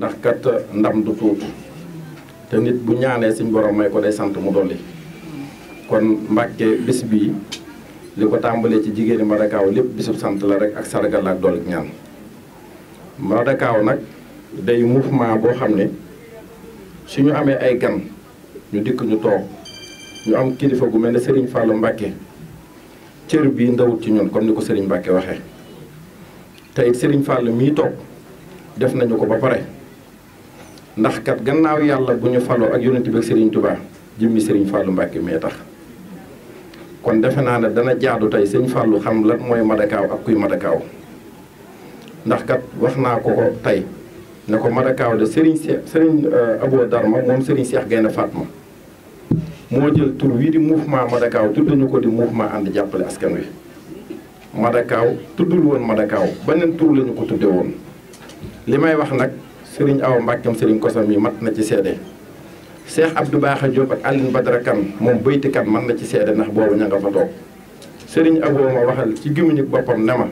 ndax kat euh, ndam du tuut te nit bu ñaanee suñ borom may ko day sant mu dolli kon Mbàkke bis bii li ko tàmbalee ci jigéeni Madakaw lépp bisub sant la rek ak sargal la ak dolli ñaan Madakaw nag day mouvement boo xam ne su ñu amee ay gan ñu dikk ñu toog ñu am kilifa gu mel ni sëriñ Fallou Mbacke cër bii ndawut ci ñun kon ni ko sëriñ Mbacke waxee te it Serigne mii toog def nañu ko ba pare. ndax kat gannaaw yàlla bu ñu faloo ak yonent bi ak Serigne Touba jëmmi sëriñ Fallou Mbacke mee tax kon defe naa ne dana jaadu tey sëñ Fallou xam lan mooy Madakaw ak kuy Madakaw ndax kat wax naa ko ko tey ne ko Madakaw de Serigne Cheikh Serigne euh, Abo Darma moom Serigne Cheikh Gaynde Fatma moo jël tur wii di mouvement Madakaw tudd nañu ko di mouvement ànd jàppale askan wi. Madakaw tuddul woon Madakaw beneen tur la ko tudde woon li may wax nag. Serigne Awa Mbàkkam Serigne Kosam yi mat na ci seede Cheikh baax a Diop ak Aline Badara Kan moom bëyti kan man na ci seede ndax boobu ña nga fa toog sëriñ Abo ma waxal ci gémmiñu boppam ne ma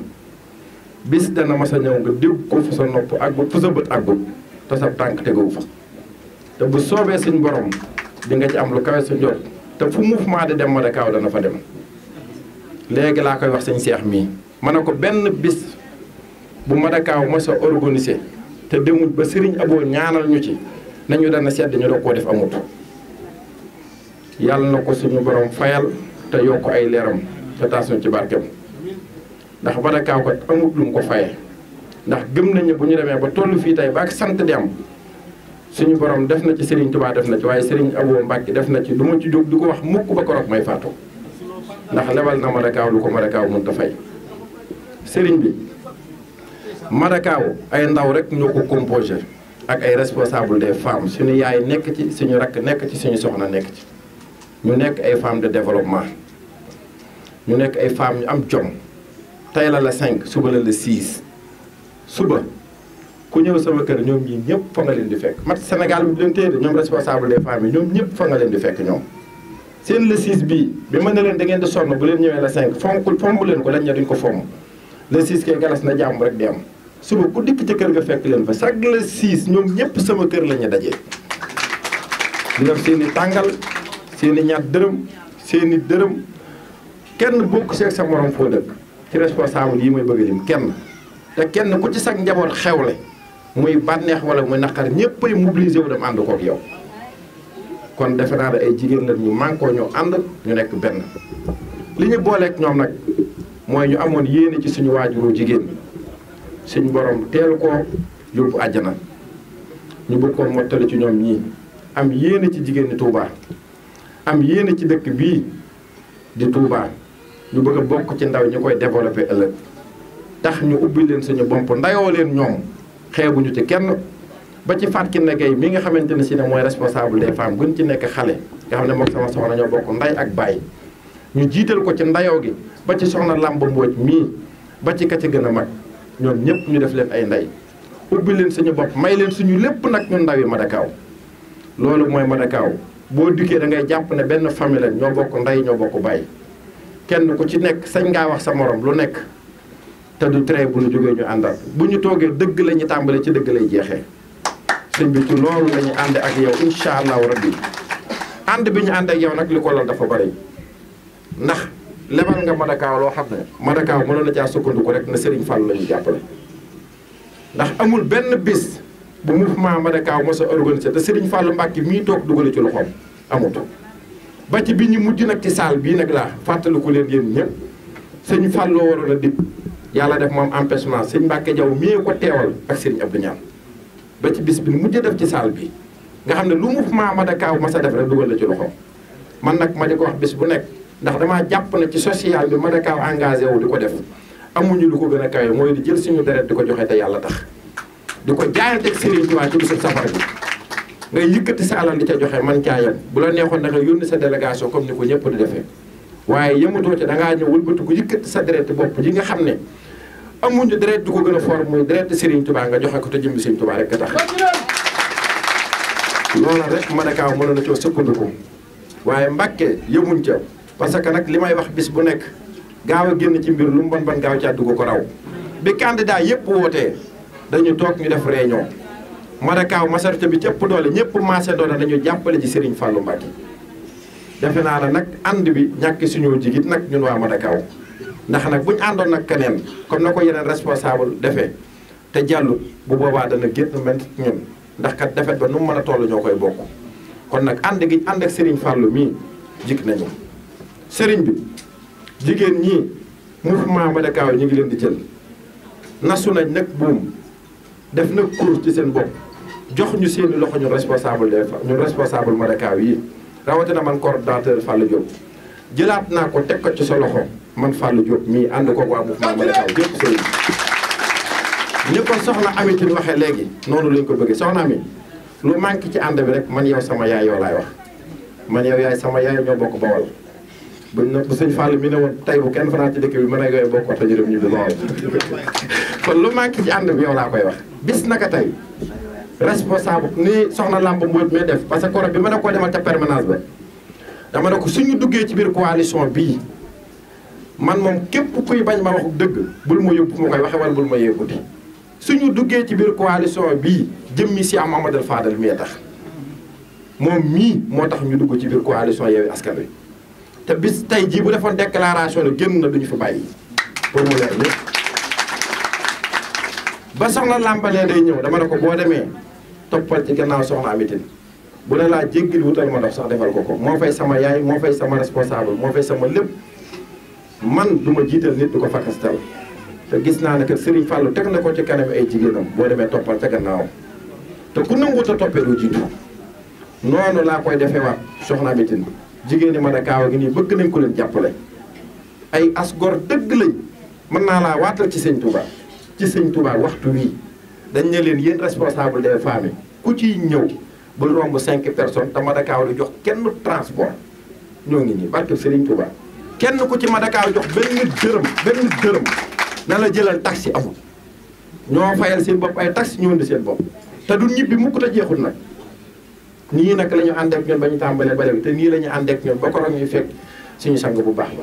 bis dana mas a ñëw nga diw ko fu sa nopp àggut fu sa bët àggut te sa tànk teguwu fa te bu soobee suñ borom di nga ci am lu kawe sa njot te fu mouvement di dem ma da kaaw dana fa dem léegi laa koy wax sëñ Cheikh mii ma ne ko benn bis bu ma dakaaw ma sa organiser te demuñ ba Serigne Abo ñaanal ñu ci nañu dana sedd ñu doog koo def amut yàlla na ko suñu borom fayal te yokk ay leeram te taas ci barkeem ndax Badakaaw kat amut lu mu ko faye ndax gëm nañu bu ñu demee ba toll fii tey ba ak sant di am suñu borom def na ci Serigne Touba def na ci waaye Serigne Abo Mbacke def na ci du ma ci jóg du ko wax mukk ba korok may faatu ndax lebal na Madakaaw lu ko Madakaaw mënut a fay sëriñ bi. Madakaw ay ndaw rek ñoo ko composé ak ay responsable des femmes suñu yaay nekk ci suñu rakk nekk ci suñu soxna nekk ci ñu nekk ay femmes de développement ñu nekk ay femmes ñu am jom tey la la cinq suba la la six suba ku ñëw sama kër ñoom ñii ñëpp fa nga leen di fekk mat Sénégal bi leen téye ñoom responsable des femmes yi ñoom ñëpp fa nga leen di fekk ñoom seen la six bii bi mën na leen da ngeen di sonn bu leen ñëwee la cinq fonkul fomb leen ko lañ ne duñ ko fomm la six kay galas na jàmm rek di am suba ku dikk ca kër ga fekk leen fa chaque le 6 ñoom ñëpp sama kër la ñu dajee ñu def seen i tàngal seen ñaat dërëm seen i dërëm kenn bokk seeg sa morom foo dëkk ci responsable yi may bëgg a kenn te kenn ku ci sag njaboot xewle muy bànneex wala muy naqar ñëppay mobiliser wu dem ànd kook yow kon defe naa ne ay jigéen la ñu mànkoo ñoo ànd ñu nekk benn li ñu booleeg ñoom nag mooy ñu amoon yéene ci suñu waajuru jigéen suñ borom teel koo yóbbu na ñu bëgg koo mottali ci ñoom ñii am yéene ci jigéen ñi tuubaa am yéene ci dëkk bii di Touba ñu bëgg a bokk ci ndaw ñi koy développé ëllëg tax ñu ubbi leen suñu bopp ndayoo leen ñoom xeebuñu ci kenn ba ci Fatou Kiné Gaye mi nga xamante ne si ne mooy responsable des femmes gën ci nekk xale nga xam ne moom sama soxna ñoo bokk nday ak baay ñu jiital ko ci ndayoo gi ba ci soxna làmb mbooj mii ba ci ka ci gën a mag ñoom ñëpp ñu def leen ay ndey ubbi leen suñu bopp may leen suñu lépp nag ñu ndawi Madakaw loolu mooy Madakaw boo diggee da ngay jàpp ne benn famille la ñoo bokk ndey ñoo bokk bàyyi kenn ku ci nekk sañ ngaa wax sa moroom lu nekk te du tere bu ñu jógee ñu àndal bu ñu toogee dëgg la ñu tàmbale ci dëgg lay jeexee sëñ bi ci loolu la ànd ak yow incha allahu rabbi ànd bi ñu ànd ak yow nag li ko lool dafa bari ndax lebal nga Madakaw loo xam ne Madakaw mënoon na caa sukkandiku rek na Serigne Fall la ñu jàppale ndax amul benn bis bu mouvement Madakaw mos a sa te Serigne Fall Mbacke mii toog dugale ci loxoom amut ba ci bi ñu mujj nag ci saal bii nag laa fàttaliku leen yéen sëñ Fallou waroon yàlla def moom empêchement sëñ Mbacke ko teewal ak Serigne Abdou ba ci bis bi mujj def ci saal bi nga xam ne lu mouvement Madakaw a def rek dugal la ci loxoom man nag ma di ko wax bis bu nekk. ndax damaa jàpp na ci social bi Madakaw engagé wu di ko def amuñu lu ko gën a kawe mooy di jël suñu deret di ko joxe te yàlla tax du ko jaayanteeg Serigne Touba ci bisub safar bi nga yëkkati sa alal di ca joxe man caa yem bu la neexoon da nga yónni sa délégation comme ni ko ñëpp di defee waaye yëmatoo ci da ngaa ñëw ko yëkkati sa deret bopp yi nga xam ne amuñu deret di ko gën a for muy deret Serigne Touba nga joxe ko te jëmbi Serigne tubaa rek nga tax loola rek Madakaw mënoon na coo sukkandiku waaye Mbàkke yëmuñ ca parce que nag li may wax bis bu nekk gaaw a génn ci mbir lu mu bon bon gaaw caa dugg ko raw bi candidat yëpp wootee dañu toog ñu def réunion Madakaw majorité bi ci ëpp doole ñëpp maase doole nañu jàppale ci sëriñ Fallou Mbacké defe naa la nag ànd bi ñàkk suñu jigit nag ñun waa Madakaw ndax nag bu ñu àndoon nag keneen kon na ko yeneen responsable defee te jàllu bu boobaa dana génn mel ñun ndax kat defet ba nu mu mën a toll ñoo koy bokk kon nag ànd gi ànd ak Serigne Fallou nañu. sëriñ bi jigéen ñi mouvement Madakaw ñu ngi leen di jël nasu nañ nag buum def nag cours ci seen bopp jox ñu seeni loxo ñun responsable des femmes ñun responsable Madakaw yi rawatina man coordonnateur Fallou Diop jëlaat naa ko teg ko ci sa loxo man Fallou Diop mii ànd ko waa mouvement Madakaw yëpp sëriñ ñi ko soxna Ami ci waxee léegi noonu lañ ko bëggee soxna Ami lu manqué ci ànd bi rek man yow sama yaay yoo laay wax man yow yaay sama yaay ñoo bokk bawal buñ ne bu sëñ Fall ne woon tey bu kenn fanaan ci a yooyu bokk oto jërëm ñu bi lool kon lu manqué ci ànd bi yow laa koy wax bis naka tey responsable ni soxna làmp mbóot def parce que koro bi ma ne koo ca permanence ba ne ko suñu duggee ci biir coalition bii man moom képp kuy bañ ma wax dëgg bul ma yóbbu ma koy waxe wala bul ma yëgguti suñu duggee ci biir coalition bii jëmmi si am Amadou Fadal mii tax moom mii moo tax ñu dugg ci biir coalition Yewwi Askan Wi te bis tey jii bu defoon déclaration ne génn na duñu fi bàyyi pour mu leer lépp ba soxna làmbalee day ñëw dama ne ko boo demee toppal ci gannaaw soxna amitin bu ne laa jéggil wutal ma ndox sax defal ko ko moo fay sama yaay moo fay sama responsable moo fay sama lépp man du ma jiital nit du ko fakastal te gis naa ne que Serigne Fallou teg na ko ci kanam ay jigéenam boo demee toppal ca gannaaw te ku nanguwut a toppee du jiitu noonu laa koy defee waat soxna amitin bi jigéen ñi mën a kaaw gi nii bëgg nañ ko leen jàppale ay asgor dëgg lañ mën naa laa waatal ci sëñ Touba ci sëñ Touba waxtu wii dañ ne leen yéen responsable des femmes ku ciy ñëw bul romb cinq personnes te Madakaw di jox kenn transport ñoo ngi nii barke Serigne Touba kenn ku ci Madakaw jox benn dërëm benn dërëm na la jëlal taxi amul ñoo fayal seen bopp ay taxi ñoo indi seen bopp te du ñibbi mukk te jeexul nag. nii nag la ñu ànd ak ñoom ba ñu tàmbalee ba bi te nii la ñu ànd ak ñoom ba ko ñuy fekk suñu sang bu baax ba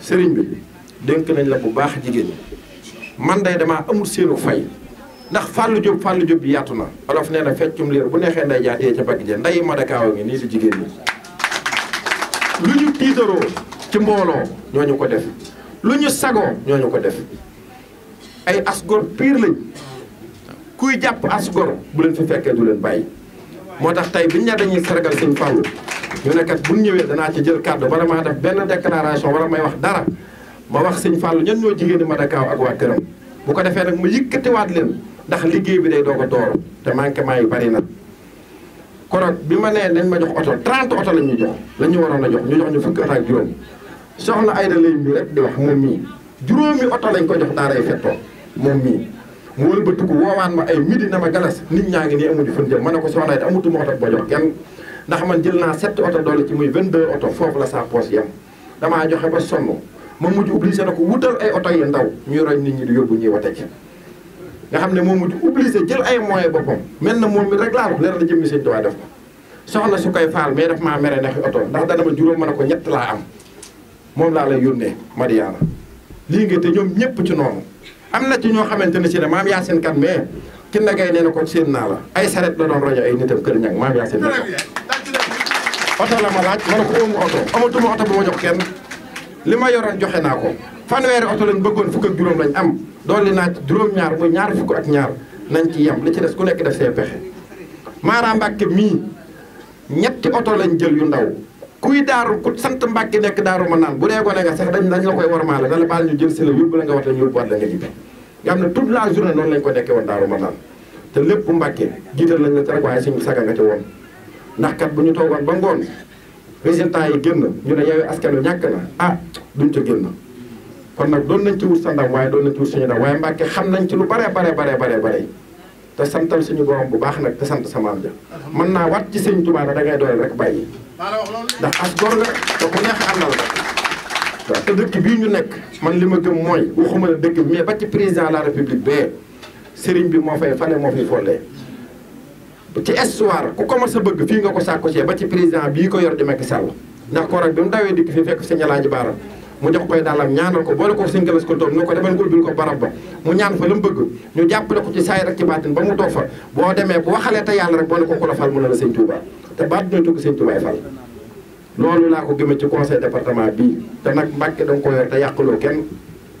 sëriñ bi dénk nañ la bu baax jigéen ñi man day damaa amul seenu fay ndax fàllu jóob fàllu jóob bi yaatu na olof nee na feccum liir bu neexee nday jaa dee ca bagg jee nday madakaawa ngi nii si jigéen ñi lu ñu tiitaroo ci mbooloo ñu ko def lu ñu sagoo ñooñu ko def ay asgor piir lañ kuy jàpp asgor bu leen fi fekkee du leen bàyyi moo tax tey bi ñu ne dañuy sargal sëñ Fallou ñu ne kat bu ñëwee danaa ci jël kàddu wala maa def benn déclaration wala may wax dara ma wax sëñ Fallou ñan ñoo jigéen ñi Madakaw ak waa këram bu ko defee nag ma yëkkatiwaat leen ndax liggéey bi day doog a door te manquement yi bari na. korog bi ma nee nañ ma jox oto 30 oto lañ ñu jox lañ ñu waroon a jox ñu jox ñu fukki oto ak juróom soxna Ayda lay mi rek di wax moom mii juróomi oto lañ ko jox daaray fettoo moom mii. mu wëlbatiku woowaan ma ay midi na ma galas nit ñaa ngi nii amuñu fan jëm ma ne ko soxna it amatuma ndax man jël naa sept oto doole ci muy 22 oto foofu la sa poche yem damaa joxe ba sonn ma mujj obligé ko wutal oto yi ndaw ñuy roñ nit ñi di yóbbu ñuy wate ci nga xam ne moo mujj obligé jël ay moyens boppam mel na moom mi rek laa wax leer na jëmmi sëñ Tuubaa def ko soxna su koy faal mais daf maa mere nexi oto ndax dana ma juróom man a ko ñett laa am moom laa lay yónnee Madiyaana lii nga te ñoom ñëpp ci noonu am na ci ñoo xamante ne si ne maam yaa seen kan mais kin na gay nee na ko seen naa la ay saret la doon rojo ay nitam kër ñag maam yaa seen na oto la ma laaj ma ne ko amu oto amatuma oto bu ma jox kenn li ma yoroon joxe naa ko fanweeri oto lañ bëggoon fukk juróom lañu am dolli naa ci juróom-ñaar muy ñaar fukk ak ñaar nañ ci yem li ci des ku nekk def see pexe Mara Mbàkke mii ñetti oto lañ jël yu ndaw kuy daaru ku sant mbàkki nekk daaru ma naan bu dee gone nga sax dañ la koy warmaale dala baal ñu jël si la yóbbu la nga wax la yóbbu la nga ñibbi nga xam ne la ko nekkee woon daaru ma naan te lépp mbàkki jiital nañ la te rek waaye suñu saga nga ci woon ndax kat bu ñu toogoon ba ngoon résultat yi génn ñu ne yow askanu ñàkk na ah duñ ca génn kon nag doon nañ ci wut sa ndam waaye doon nañ ci wut suñu ndam waaye mbàkke xam nañ ci lu bare bare bare bare bare te santal suñu borom bu baax nag te sant samaam ja mën naa wat ci sëñ Tuubaa da ngay doole rek bàyyi ndax as gor nga te bu neex àndal waaw te dëkk bii ñu nekk man li ma gëm mooy waxuma la dëkk bi mais ba ci président de la république bee sëriñ bi moo fay fale moo fi follee ci histoire ku ko mas a bëgg fii nga ko sàkku see ba ci président bii ko yor di Macky Sall ndax ko rek bi mu dawee dikk fii fekk sa ñalaaji baaram mu jox koy daalam ñaanal ko boole ko seen gemes ko toog ñu ko demal ngul bil ko barab ba mu ñaan fa la mu bëgg ñu jàppale ko ci saay rek ci baatin ba mu toog fa boo demee bu waxalee te yàlla rek boole ko ku la fal mu ne la sëñ Touba te baat ñooy tugg ko te nag Mbàkke da nga ko yor te yàqaloo kenn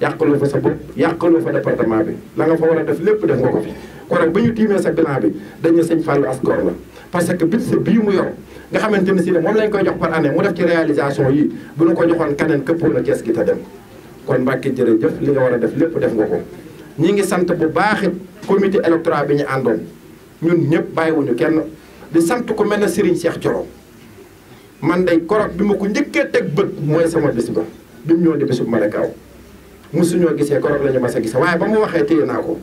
yàqaloo fa sa bopp yàqaloo fa département bi nanga nga fa war a def lépp def nga ko fi kon nag ba ñu tiimee sa bilan bi dañu sëñ Fallou askor la parce que bit sa bii mu yor nga xamante ni sii ne moom lañ koy jox par année mu def ci réalisation yi bu ñu ko joxoon keneen këppoo na Cees gi te dem kon Mbàkke jërëjëf li nga war a def lépp def nga ko ñii ngi sant bu baaxit comité électoral bi ñu àndoon ñun ñëpp bàyyiwuñu kenn di sant ko mel na Serigne Cheikh Thioro man day korog bi ma ko njëkkee teg bët mooy sama bis ba bi mu ñëw di bisu Malakaaw mosuñoo gisee korog la ma mas a gisee waaye ba mu waxee téye naa ko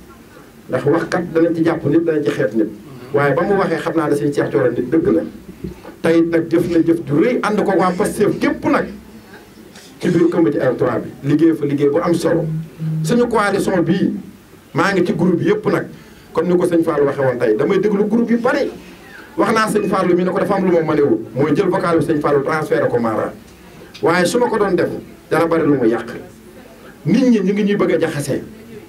ndax wax kat dana ci jàpp nit dana ci xeet nit waaye ba mu waxee xam naa ne Serigne Cheikh Thioro nit dëgg la tey nag jëf na jëf ju rëy ànd ko waa Pastef képp nag ci biir ci électoral bi liggéey fa liggéey boo am solo suñu coalition bii maa ngi ci groupe yëpp nag comme ni ko sëñ Fallou waxee woon tey damay déglu groupe yu bari wax naa sëñ Fallou mi ne ko dafa am lu ma mënewul mooy jël vocal bi sëñ Fallou transféré ko Mara waaye su ma ko doon def dana bari lu mu yàq nit ñi ñu ngi ñuy bëgg a jaxase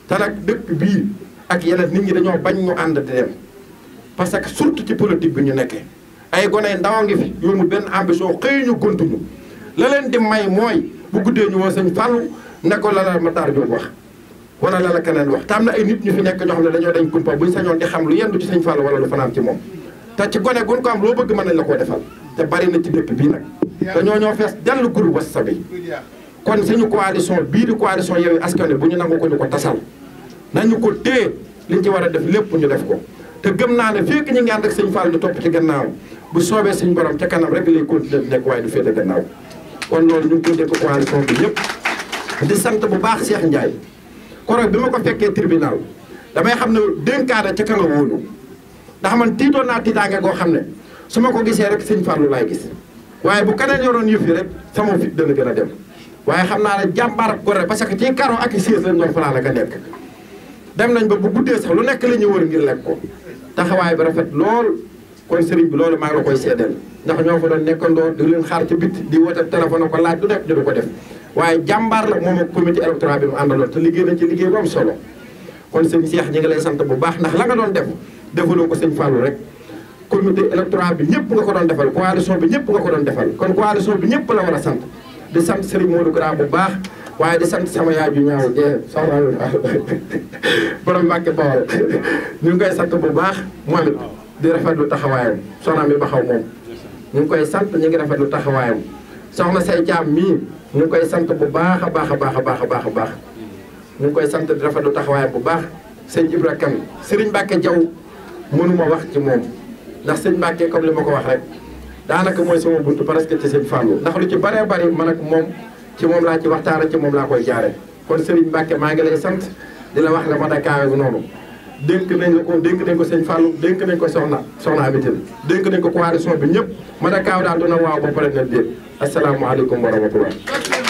te nag dëkk bii ak yeneen nit ñi dañoo bañ ñu ànd di dem parce que surtout ci politique bi ñu nekkee. ay gone ndaw a ngi fi yoonu benn ambition xëy ñu guntuñu la leen di may mooy bu guddee ñu woo sëñ Fallou ne ko la la Matar Diop wax wala la la keneen wax te na ay nit ñu fi nekk ñoo xam ne dañoo dañ kumpa buñ sañoon di xam lu yendu ci sëñ Fallou wala lu fanaan ci moom te ci gone gun ko am loo bëgg mën nañ la koo defal te bari na ci dëkk bii nag dañoo ñoo fees dell groupe WhatsApp bi kon suñu coalition bii di coalition Yewwi Askan Wi bu ñu nangu ko ñu ko tasal nañu ko téye liñ ci war a def lépp ñu def ko te gëm naa ne fekk ñu ngi ànd ak sëñ Fall ñu topp gannaaw bu soobee suñ borom ca kanam rek lay continuer di nekk waaye du féete gannaaw kon loolu ñu ngi ko dégg coalition di sant bu baax Cheikh Ndiaye koroog bi ma ko fekkee tribunal damay xam ne dénkaane ca ka ndax man tiitoon naa tiitaange goo xam ne su ma ko gisee rek sëñ Fallou laay gis waaye bu keneen yoroon yëf yi rek sama fit dana gën a dem waaye xam naa ne jàmbaar ak gore parce que ci karo ak i siis lañ doon fanaan dem nañ ba bu guddee sax lu nekk la ñuy wër ngir lekk ko taxawaay ba rafet lool kon sëriñ bi loolu maa ngi la koy seedeel ndax ñoo fa doon nekkandoo di leen xaar ci bit di woote téléphone ko laaj du nekk ñu du ko def waaye jàmbaar la moom ak comité électoral bi mu àndaloon te liggéey na ci liggéey lay sant bu baax ndax la nga doon def defaloo ko sëñ Fallou rek comité électoral bi ñëpp nga ko doon defal coalition bi ñëpp ko doon defal kon coalition bi ñëpp la war a sant di sant sëriñ Modou Gara bu baax waaye di sant sama yaay ju ñaaw jee soxna borom Mbàkke Bawol ñu ngi koy sant bu baax moom it di rafetlu taxawaayam soxna mi baxaw moom ñu ngi koy sant ñu ngi rafetlu taxawaayam soxna say jaam mii ñu ngi koy sant bu baax a baax a baax a baax a baax a baax ñu ngi koy sant di rafetlu taxawaayam bu baax sëñ Ibra Kan sëriñ Mbàkke Jaw mënuma wax ci moom ndax sëñ Mbàkke comme li ma ko wax rek daanaka mooy sama buntu presque ci sëñ Fallou ndax lu ci bare bari man ak moom ci moom laa ci rek ci moom laa koy jaare kon Serigne Mbacke maa ngi lay sant di la wax la ma dakaaweeku noonu dénk nañ la ko dénk nañ ko sëñ Fallou dénk nañ ko soxna soxna Amitine dénk nañ ko coalition bi ñëpp ma kaaw daal dina waaw ba pare na déet asalaamaaleykum wa rahmatullah